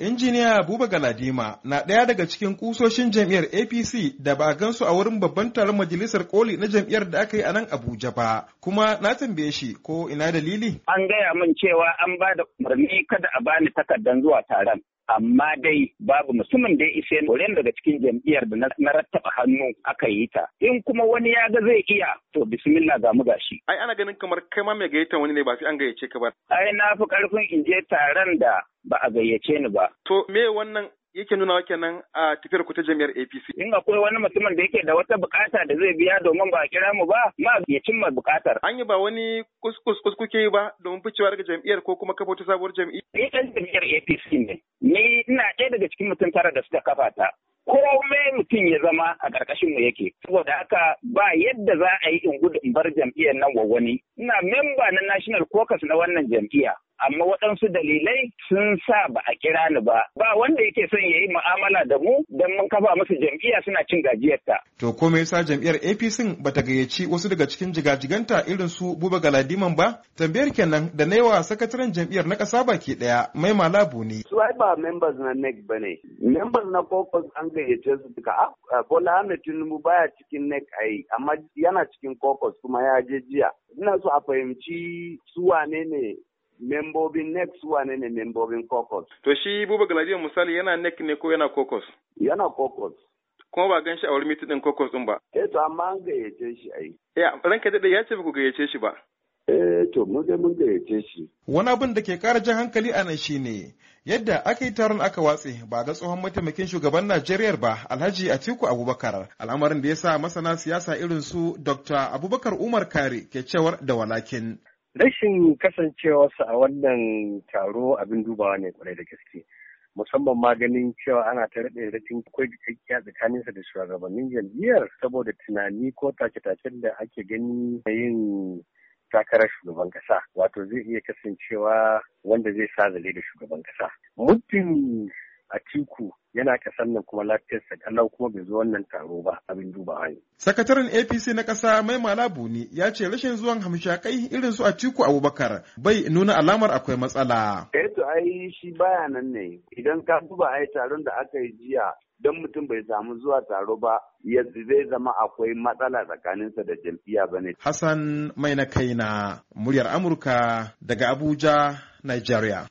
Injiniya Buba Galadima na ɗaya daga cikin kusoshin jam'iyyar APC da ba a gansu a wurin babban taron majalisar koli na jam'iyyar da aka yi a nan Abuja ba, kuma na tambaye shi ko ina dalili? An gaya min cewa an ba da umarni kada a bani takardar zuwa taron. amma dai babu musamman da ya isa koren daga cikin jam'iyyar da na rattaba hannu aka yi ta in kuma wani ya ga zai iya to bismillah ga mu gashi ai ana ganin kamar kai ma mai gayyata wani ne ba sai an gayyace ka ba ai na fi karfin in je taron da ba a gayyace ni ba to me wannan yake nuna kenan a tafiyar ku ta jami'ar APC. In akwai wani mutumin da yake da wata bukata da zai biya domin ba a kira mu ba, ma ya cimma bukatar. An yi ba wani kuskus kuke yi ba domin ficewa daga jam'iyyar ko kuma kafa wata sabuwar jam'iyyar. Ni ɗan jam'iyyar APC ne. Ni ina ɗaya daga cikin mutum tara da suka kafa ta. komai mutum ya zama a ƙarƙashin mu yake saboda haka ba yadda za a yi in gudu in bar jam'iyyar nan wa wani ina memba na national caucus na wannan jam'iyya amma waɗansu dalilai sun sa ba a kira ni ba ba wanda yake son ya yi mu'amala da mu don mun kafa musu jam'iyya suna cin gajiyarta. To ko me yasa jam'iyyar APC ba ta gayyaci wasu daga cikin jigajiganta irin su Buba Galadiman ba? Tambayar kenan da na yawa sakataren jam'iyyar na ƙasa ba ke ɗaya mai malabu ne. Su ai ba members na NEC ba ne. Members na caucus an gayyace su duka. Ah, Bola Ahmed Tinubu baya cikin NEC ai amma yana cikin caucus kuma ya je jiya. Ina so a fahimci su wane ne membobin next wane ne membobin caucus. To shi Buba Galadiyar misali yana nek ne ko yana caucus? Yana caucus. Kuma ba gan shi a wurin din kokos caucus ɗin ba. Eh to amma an gayyace shi ai. Eh ranka daɗe ya ce ku gayyace shi ba. Eh to mun dai mun gayyace shi. Wani abin da ke ƙara jan hankali a nan shi ne, yadda aka yi taron aka watse ba ga tsohon mataimakin shugaban Najeriya ba Alhaji Atiku Abubakar al'amarin da ya sa masana siyasa irin su Dr. Abubakar Umar Kare ke cewar da walakin Rashin kasancewarsa a wannan taro abin dubawa ne kwarai da gaske. musamman maganin cewa ana ta da raɗin kwai cikakkiya tsakaninsa da shugabannin jam'iyyar saboda tunani ko take take da ake gani na yin takarar shugaban kasa wato zai iya kasancewa wanda zai sa zale da shugaban kasa muddin A tiku, yana kasan nan kuma lafiyarsa kalau kuma bai zo wannan taro ba abin duba ne. Sakataren APC na ƙasa mai malabu ne ya ce rashin zuwan hamshakai irin su a tiku Abubakar bai nuna alamar akwai matsala. Eh to ai shi baya nan ne idan ka duba ai taron da aka yi jiya don mutum bai samu zuwa taro ba yanzu zai zama akwai matsala tsakaninsa da jam'iyya ba ne. Hassan mai na kaina muryar Amurka daga Abuja, Nigeria.